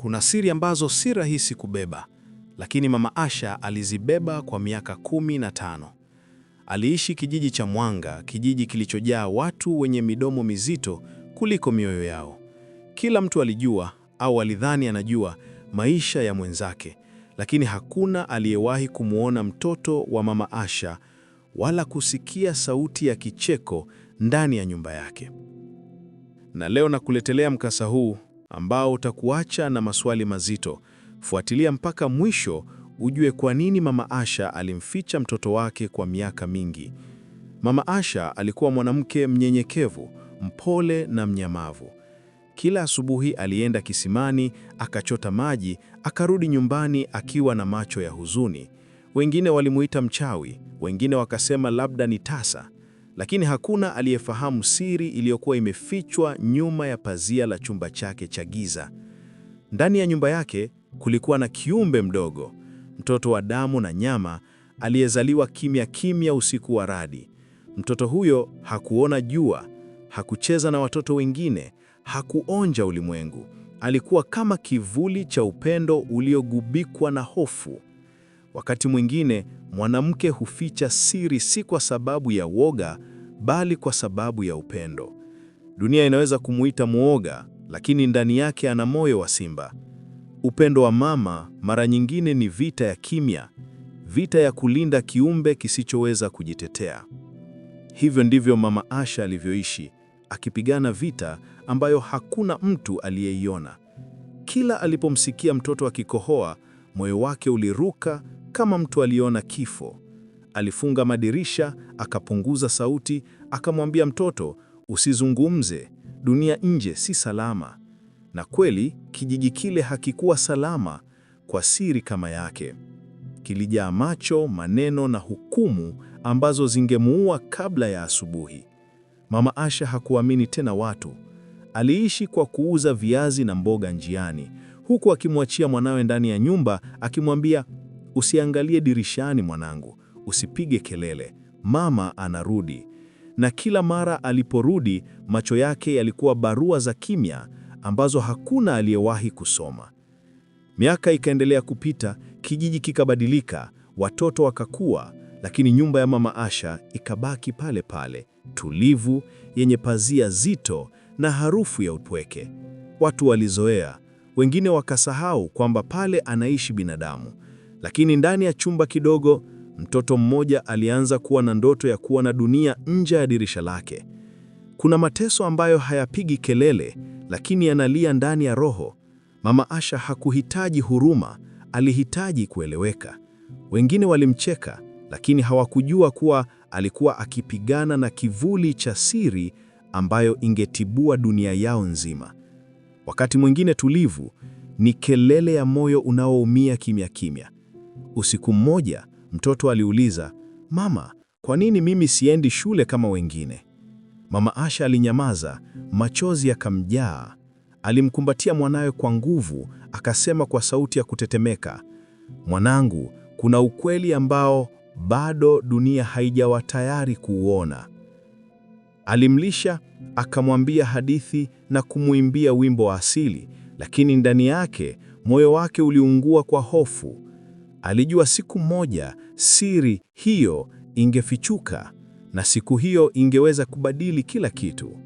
Kuna siri ambazo si rahisi kubeba, lakini Mama Asha alizibeba kwa miaka kumi na tano. Aliishi kijiji cha Mwanga, kijiji kilichojaa watu wenye midomo mizito kuliko mioyo yao. Kila mtu alijua au alidhani anajua maisha ya mwenzake, lakini hakuna aliyewahi kumwona mtoto wa Mama Asha wala kusikia sauti ya kicheko ndani ya nyumba yake. Na leo nakuletelea mkasa huu ambao utakuacha na maswali mazito. Fuatilia mpaka mwisho ujue kwa nini Mama Asha alimficha mtoto wake kwa miaka mingi. Mama Asha alikuwa mwanamke mnyenyekevu, mpole na mnyamavu. Kila asubuhi alienda kisimani, akachota maji, akarudi nyumbani akiwa na macho ya huzuni. Wengine walimuita mchawi, wengine wakasema labda ni tasa lakini hakuna aliyefahamu siri iliyokuwa imefichwa nyuma ya pazia la chumba chake cha giza. Ndani ya nyumba yake kulikuwa na kiumbe mdogo, mtoto wa damu na nyama, aliyezaliwa kimya kimya usiku wa radi. Mtoto huyo hakuona jua, hakucheza na watoto wengine, hakuonja ulimwengu. Alikuwa kama kivuli cha upendo uliogubikwa na hofu. Wakati mwingine mwanamke huficha siri si kwa sababu ya woga, bali kwa sababu ya upendo. Dunia inaweza kumuita mwoga, lakini ndani yake ana moyo wa simba. Upendo wa mama mara nyingine ni vita ya kimya, vita ya kulinda kiumbe kisichoweza kujitetea. Hivyo ndivyo Mama Asha alivyoishi, akipigana vita ambayo hakuna mtu aliyeiona. Kila alipomsikia mtoto akikohoa, moyo wake uliruka kama mtu aliona kifo. Alifunga madirisha, akapunguza sauti, akamwambia mtoto, usizungumze, dunia nje si salama. Na kweli kijiji kile hakikuwa salama kwa siri kama yake. Kilijaa macho, maneno na hukumu ambazo zingemuua kabla ya asubuhi. Mama Asha hakuamini tena watu. Aliishi kwa kuuza viazi na mboga njiani, huku akimwachia mwanawe ndani ya nyumba akimwambia Usiangalie dirishani mwanangu, usipige kelele, mama anarudi. Na kila mara aliporudi, macho yake yalikuwa barua za kimya ambazo hakuna aliyewahi kusoma. Miaka ikaendelea kupita, kijiji kikabadilika, watoto wakakua, lakini nyumba ya mama Asha ikabaki pale pale, tulivu, yenye pazia zito na harufu ya upweke. Watu walizoea, wengine wakasahau kwamba pale anaishi binadamu. Lakini ndani ya chumba kidogo, mtoto mmoja alianza kuwa na ndoto ya kuwa na dunia nje ya dirisha lake. Kuna mateso ambayo hayapigi kelele, lakini yanalia ndani ya roho. Mama Asha hakuhitaji huruma, alihitaji kueleweka. Wengine walimcheka, lakini hawakujua kuwa alikuwa akipigana na kivuli cha siri ambayo ingetibua dunia yao nzima. Wakati mwingine tulivu ni kelele ya moyo unaoumia kimya kimya, Usiku mmoja, mtoto aliuliza, "Mama, kwa nini mimi siendi shule kama wengine?" Mama Asha alinyamaza, machozi yakamjaa. Alimkumbatia mwanawe kwa nguvu, akasema kwa sauti ya kutetemeka, "Mwanangu, kuna ukweli ambao bado dunia haijawa tayari kuuona." Alimlisha, akamwambia hadithi na kumwimbia wimbo wa asili, lakini ndani yake moyo wake uliungua kwa hofu. Alijua siku moja siri hiyo ingefichuka na siku hiyo ingeweza kubadili kila kitu.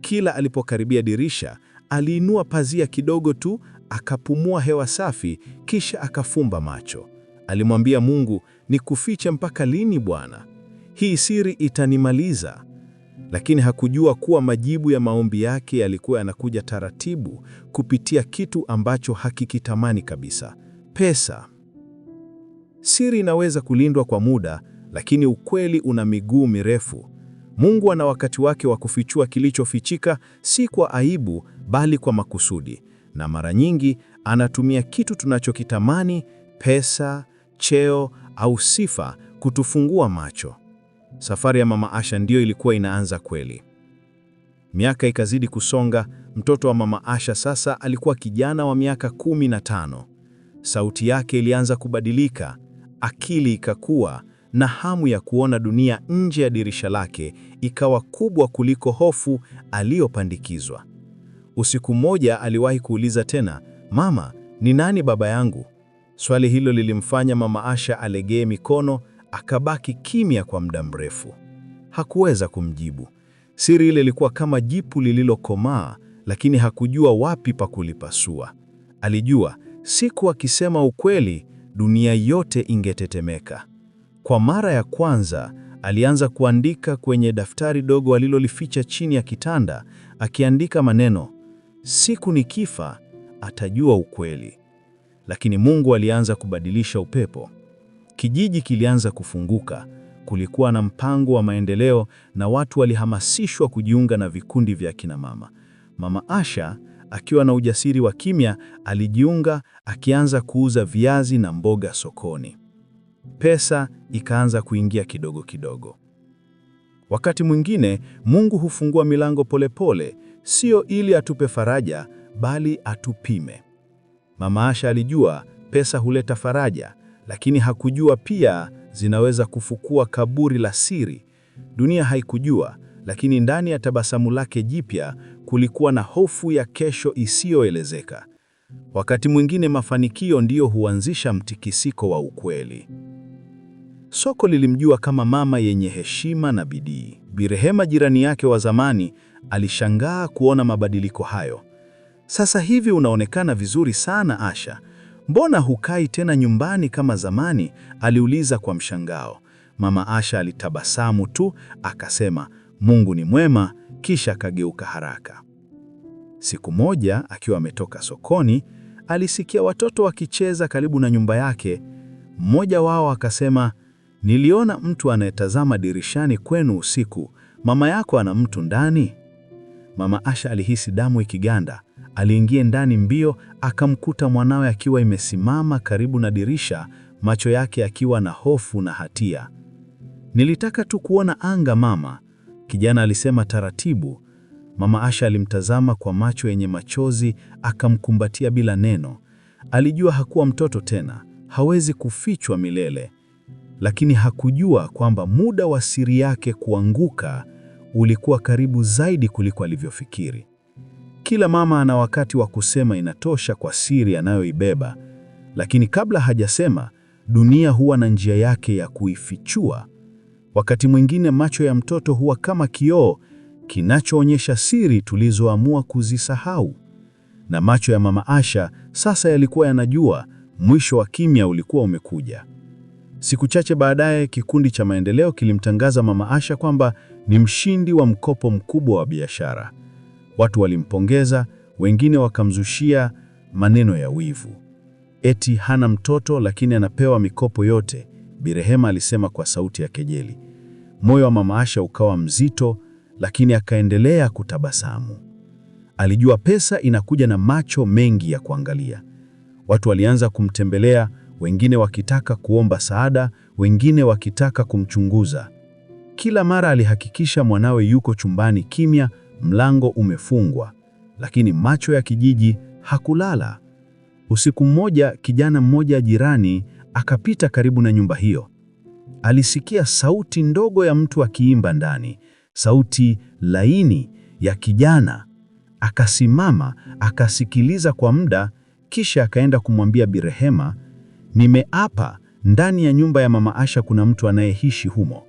Kila alipokaribia dirisha, aliinua pazia kidogo tu, akapumua hewa safi, kisha akafumba macho. Alimwambia Mungu, nikufiche mpaka lini Bwana? Hii siri itanimaliza. Lakini hakujua kuwa majibu ya maombi yake yalikuwa yanakuja taratibu, kupitia kitu ambacho hakikitamani kabisa: pesa. Siri inaweza kulindwa kwa muda, lakini ukweli una miguu mirefu. Mungu ana wakati wake wa kufichua kilichofichika, si kwa aibu, bali kwa makusudi. Na mara nyingi anatumia kitu tunachokitamani, pesa, cheo au sifa, kutufungua macho. Safari ya Mama Asha ndiyo ilikuwa inaanza kweli. Miaka ikazidi kusonga. Mtoto wa Mama Asha sasa alikuwa kijana wa miaka kumi na tano. Sauti yake ilianza kubadilika, Akili ikakua na hamu ya kuona dunia nje ya dirisha lake ikawa kubwa kuliko hofu aliyopandikizwa. Usiku mmoja aliwahi kuuliza tena, "Mama, ni nani baba yangu?" Swali hilo lilimfanya Mama Asha alegee mikono, akabaki kimya kwa muda mrefu. Hakuweza kumjibu. Siri ile ilikuwa kama jipu lililokomaa, lakini hakujua wapi pa kulipasua. Alijua siku akisema ukweli dunia yote ingetetemeka. Kwa mara ya kwanza alianza kuandika kwenye daftari dogo alilolificha chini ya kitanda, akiandika maneno, siku nikifa atajua ukweli. Lakini Mungu alianza kubadilisha upepo. Kijiji kilianza kufunguka, kulikuwa na mpango wa maendeleo na watu walihamasishwa kujiunga na vikundi vya kina mama. Mama Asha akiwa na ujasiri wa kimya, alijiunga akianza kuuza viazi na mboga sokoni. Pesa ikaanza kuingia kidogo kidogo. Wakati mwingine Mungu hufungua milango polepole pole, sio ili atupe faraja bali atupime. Mama Asha alijua pesa huleta faraja, lakini hakujua pia zinaweza kufukua kaburi la siri. Dunia haikujua, lakini ndani ya tabasamu lake jipya kulikuwa na hofu ya kesho isiyoelezeka. Wakati mwingine mafanikio ndiyo huanzisha mtikisiko wa ukweli. Soko lilimjua kama mama yenye heshima na bidii. Birehema, jirani yake wa zamani, alishangaa kuona mabadiliko hayo. Sasa hivi unaonekana vizuri sana Asha, mbona hukai tena nyumbani kama zamani? aliuliza kwa mshangao. Mama Asha alitabasamu tu akasema, Mungu ni mwema kisha akageuka haraka. Siku moja akiwa ametoka sokoni, alisikia watoto wakicheza karibu na nyumba yake. Mmoja wao akasema, niliona mtu anayetazama dirishani kwenu usiku. Mama yako ana mtu ndani? Mama Asha alihisi damu ikiganda. Aliingia ndani mbio, akamkuta mwanawe akiwa imesimama karibu na dirisha, macho yake akiwa na hofu na hatia. Nilitaka tu kuona anga mama, kijana alisema taratibu. Mama Asha alimtazama kwa macho yenye machozi, akamkumbatia bila neno. Alijua hakuwa mtoto tena, hawezi kufichwa milele, lakini hakujua kwamba muda wa siri yake kuanguka ulikuwa karibu zaidi kuliko alivyofikiri. Kila mama ana wakati wa kusema inatosha kwa siri anayoibeba, lakini kabla hajasema, dunia huwa na njia yake ya kuifichua. Wakati mwingine macho ya mtoto huwa kama kioo kinachoonyesha siri tulizoamua kuzisahau. Na macho ya mama Asha sasa yalikuwa yanajua mwisho wa kimya ulikuwa umekuja. Siku chache baadaye, kikundi cha maendeleo kilimtangaza mama Asha kwamba ni mshindi wa mkopo mkubwa wa biashara. Watu walimpongeza, wengine wakamzushia maneno ya wivu, eti hana mtoto lakini anapewa mikopo yote. birehema alisema kwa sauti ya kejeli, Moyo wa mama Asha ukawa mzito, lakini akaendelea kutabasamu. Alijua pesa inakuja na macho mengi ya kuangalia. Watu walianza kumtembelea, wengine wakitaka kuomba saada, wengine wakitaka kumchunguza. Kila mara alihakikisha mwanawe yuko chumbani kimya, mlango umefungwa, lakini macho ya kijiji hakulala. Usiku mmoja, kijana mmoja jirani akapita karibu na nyumba hiyo alisikia sauti ndogo ya mtu akiimba ndani, sauti laini ya kijana. Akasimama akasikiliza kwa muda, kisha akaenda kumwambia Birehema, nimeapa ndani ya nyumba ya mama Asha kuna mtu anayeishi humo.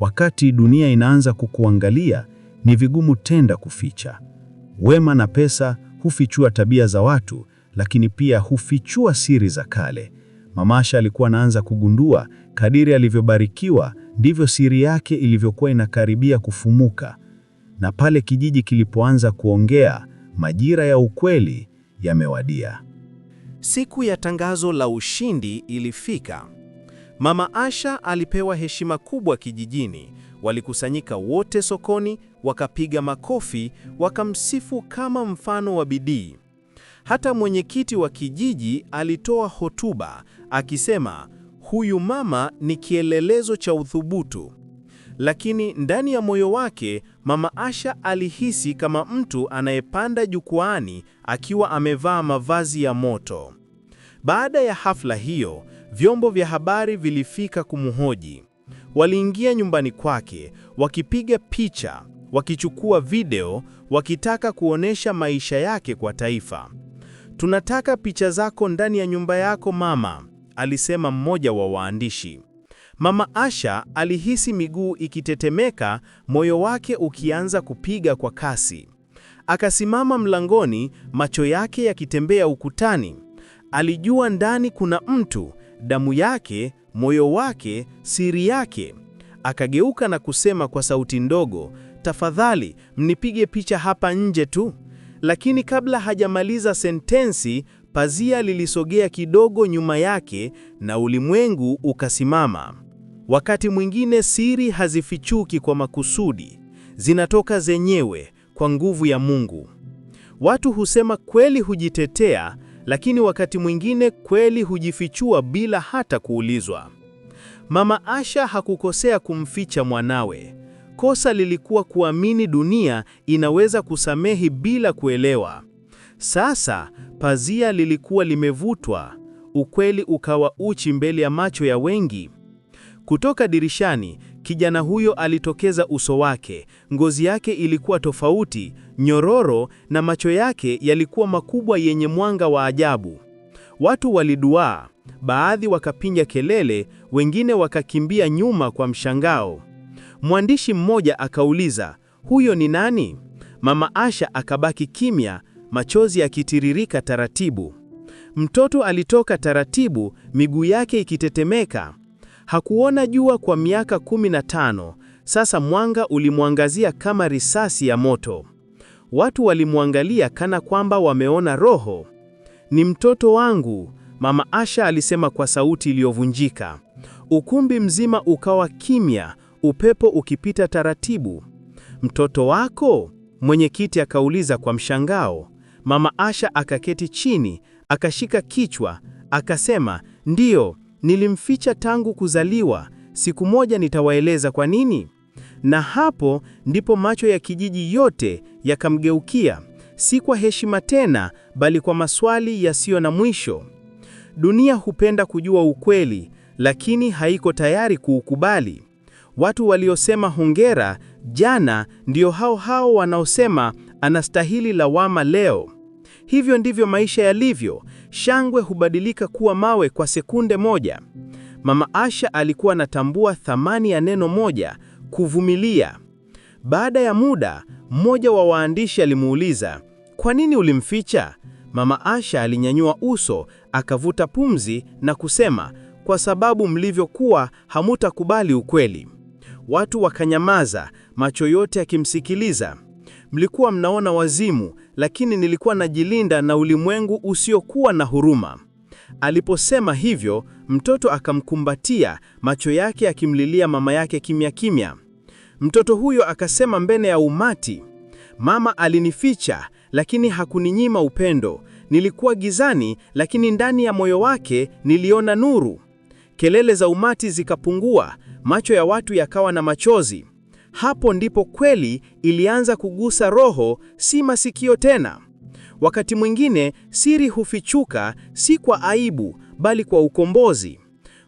Wakati dunia inaanza kukuangalia, ni vigumu tenda kuficha. Wema na pesa hufichua tabia za watu, lakini pia hufichua siri za kale. Mama Asha alikuwa anaanza kugundua Kadiri alivyobarikiwa ndivyo siri yake ilivyokuwa inakaribia kufumuka. Na pale kijiji kilipoanza kuongea, majira ya ukweli yamewadia. Siku ya tangazo la ushindi ilifika. Mama Asha alipewa heshima kubwa kijijini. Walikusanyika wote sokoni, wakapiga makofi, wakamsifu kama mfano wa bidii. Hata mwenyekiti wa kijiji alitoa hotuba akisema Huyu mama ni kielelezo cha uthubutu, lakini ndani ya moyo wake Mama Asha alihisi kama mtu anayepanda jukwaani akiwa amevaa mavazi ya moto. Baada ya hafla hiyo, vyombo vya habari vilifika kumhoji. Waliingia nyumbani kwake, wakipiga picha, wakichukua video, wakitaka kuonesha maisha yake kwa taifa. Tunataka picha zako ndani ya nyumba yako mama alisema mmoja wa waandishi. Mama Asha alihisi miguu ikitetemeka, moyo wake ukianza kupiga kwa kasi. Akasimama mlangoni, macho yake yakitembea ukutani. Alijua ndani kuna mtu, damu yake, moyo wake, siri yake. Akageuka na kusema kwa sauti ndogo, tafadhali mnipige picha hapa nje tu. Lakini kabla hajamaliza sentensi, Pazia lilisogea kidogo nyuma yake na ulimwengu ukasimama. Wakati mwingine siri hazifichuki kwa makusudi, zinatoka zenyewe kwa nguvu ya Mungu. Watu husema kweli hujitetea, lakini wakati mwingine kweli hujifichua bila hata kuulizwa. Mama Asha hakukosea kumficha mwanawe. Kosa lilikuwa kuamini dunia inaweza kusamehi bila kuelewa. Sasa pazia lilikuwa limevutwa, ukweli ukawa uchi mbele ya macho ya wengi. Kutoka dirishani, kijana huyo alitokeza uso wake. Ngozi yake ilikuwa tofauti, nyororo na macho yake yalikuwa makubwa yenye mwanga wa ajabu. Watu waliduaa, baadhi wakapinja kelele, wengine wakakimbia nyuma kwa mshangao. Mwandishi mmoja akauliza, "Huyo ni nani?" Mama Asha akabaki kimya machozi yakitiririka taratibu. Mtoto alitoka taratibu, miguu yake ikitetemeka. Hakuona jua kwa miaka 15. Sasa mwanga ulimwangazia kama risasi ya moto. Watu walimwangalia kana kwamba wameona roho. Ni mtoto wangu, Mama Asha alisema kwa sauti iliyovunjika. Ukumbi mzima ukawa kimya, upepo ukipita taratibu. Mtoto wako? Mwenyekiti akauliza kwa mshangao. Mama Asha akaketi chini, akashika kichwa, akasema, ndiyo, nilimficha tangu kuzaliwa. Siku moja nitawaeleza kwa nini. Na hapo ndipo macho ya kijiji yote yakamgeukia, si kwa heshima tena, bali kwa maswali yasiyo na mwisho. Dunia hupenda kujua ukweli, lakini haiko tayari kuukubali. Watu waliosema hongera jana ndio hao hao wanaosema anastahili lawama leo. Hivyo ndivyo maisha yalivyo. Shangwe hubadilika kuwa mawe kwa sekunde moja. Mama Asha alikuwa anatambua thamani ya neno moja, kuvumilia. Baada ya muda, mmoja wa waandishi alimuuliza, "Kwa nini ulimficha?" Mama Asha alinyanyua uso, akavuta pumzi na kusema, "Kwa sababu mlivyokuwa hamutakubali ukweli." Watu wakanyamaza, macho yote yakimsikiliza mlikuwa mnaona wazimu, lakini nilikuwa najilinda na ulimwengu usiokuwa na huruma. Aliposema hivyo, mtoto akamkumbatia, macho yake akimlilia mama yake kimya kimya. Mtoto huyo akasema mbele ya umati, mama alinificha, lakini hakuninyima upendo. Nilikuwa gizani, lakini ndani ya moyo wake niliona nuru. Kelele za umati zikapungua, macho ya watu yakawa na machozi. Hapo ndipo kweli ilianza kugusa roho, si masikio tena. Wakati mwingine siri hufichuka, si kwa aibu, bali kwa ukombozi.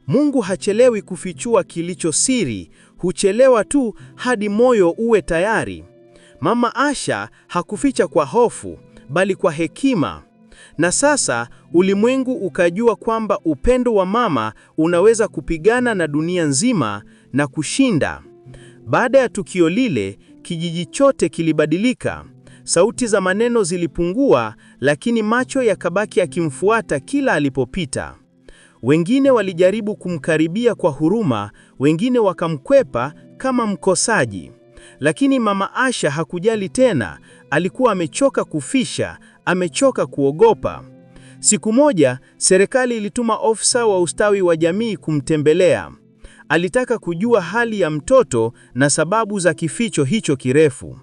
Mungu hachelewi kufichua kilicho siri, huchelewa tu hadi moyo uwe tayari. Mama Asha hakuficha kwa hofu, bali kwa hekima. Na sasa ulimwengu ukajua kwamba upendo wa mama unaweza kupigana na dunia nzima na kushinda. Baada ya tukio lile, kijiji chote kilibadilika. Sauti za maneno zilipungua, lakini macho yakabaki akimfuata kila alipopita. Wengine walijaribu kumkaribia kwa huruma, wengine wakamkwepa kama mkosaji. Lakini Mama Asha hakujali tena, alikuwa amechoka kufisha, amechoka kuogopa. Siku moja, serikali ilituma ofisa wa ustawi wa jamii kumtembelea. Alitaka kujua hali ya mtoto na sababu za kificho hicho kirefu.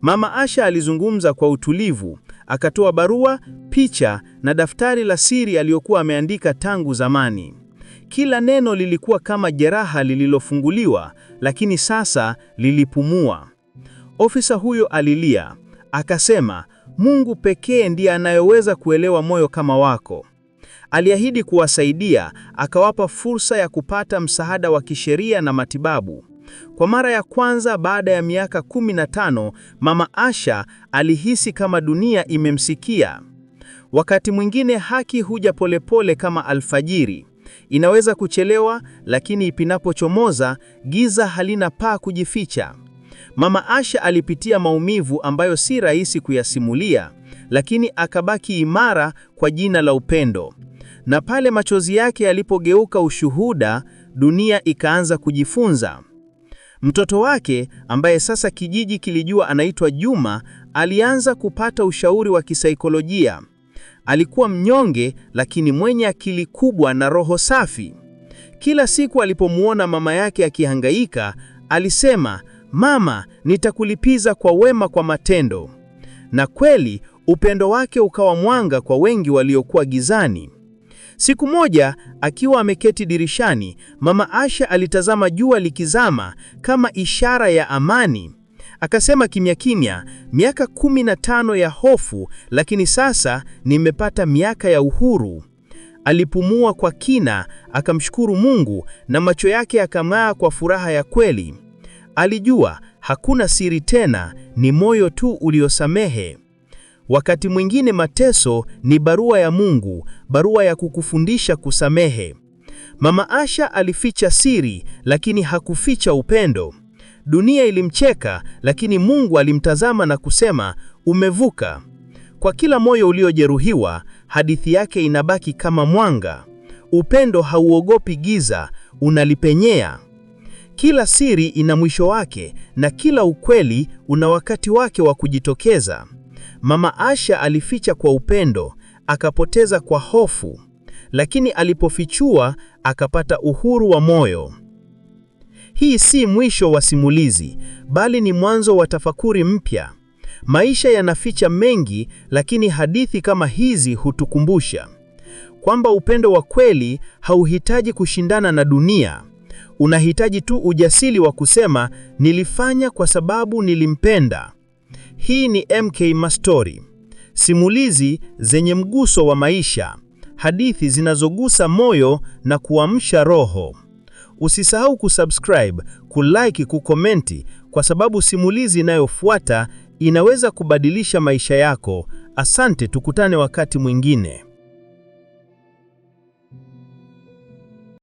Mama Asha alizungumza kwa utulivu, akatoa barua, picha na daftari la siri aliyokuwa ameandika tangu zamani. Kila neno lilikuwa kama jeraha lililofunguliwa, lakini sasa lilipumua. Ofisa huyo alilia, akasema, Mungu pekee ndiye anayeweza kuelewa moyo kama wako. Aliahidi kuwasaidia, akawapa fursa ya kupata msaada wa kisheria na matibabu. Kwa mara ya kwanza baada ya miaka 15, Mama Asha alihisi kama dunia imemsikia. Wakati mwingine haki huja polepole kama alfajiri. Inaweza kuchelewa, lakini ipinapochomoza, giza halina paa kujificha. Mama Asha alipitia maumivu ambayo si rahisi kuyasimulia, lakini akabaki imara kwa jina la upendo na pale machozi yake yalipogeuka ushuhuda, dunia ikaanza kujifunza. Mtoto wake ambaye sasa kijiji kilijua anaitwa Juma alianza kupata ushauri wa kisaikolojia. Alikuwa mnyonge lakini mwenye akili kubwa na roho safi. Kila siku alipomwona mama yake akihangaika, alisema, "Mama, nitakulipiza kwa wema kwa matendo." Na kweli upendo wake ukawa mwanga kwa wengi waliokuwa gizani. Siku moja akiwa ameketi dirishani, Mama Asha alitazama jua likizama kama ishara ya amani. Akasema kimya kimya, miaka kumi na tano ya hofu, lakini sasa nimepata miaka ya uhuru. Alipumua kwa kina, akamshukuru Mungu na macho yake akamaa kwa furaha ya kweli. Alijua hakuna siri tena, ni moyo tu uliosamehe. Wakati mwingine mateso ni barua ya Mungu, barua ya kukufundisha kusamehe. Mama Asha alificha siri, lakini hakuficha upendo. Dunia ilimcheka, lakini Mungu alimtazama na kusema, umevuka. Kwa kila moyo uliojeruhiwa, hadithi yake inabaki kama mwanga. Upendo hauogopi giza, unalipenyea. Kila siri ina mwisho wake na kila ukweli una wakati wake wa kujitokeza. Mama Asha alificha kwa upendo, akapoteza kwa hofu, lakini alipofichua akapata uhuru wa moyo. Hii si mwisho wa simulizi, bali ni mwanzo wa tafakuri mpya. Maisha yanaficha mengi, lakini hadithi kama hizi hutukumbusha kwamba upendo wa kweli hauhitaji kushindana na dunia. Unahitaji tu ujasiri wa kusema nilifanya kwa sababu nilimpenda. Hii ni MK Mastori, simulizi zenye mguso wa maisha, hadithi zinazogusa moyo na kuamsha roho. Usisahau kusubscribe, kulike, kukomenti kwa sababu simulizi inayofuata inaweza kubadilisha maisha yako. Asante, tukutane wakati mwingine.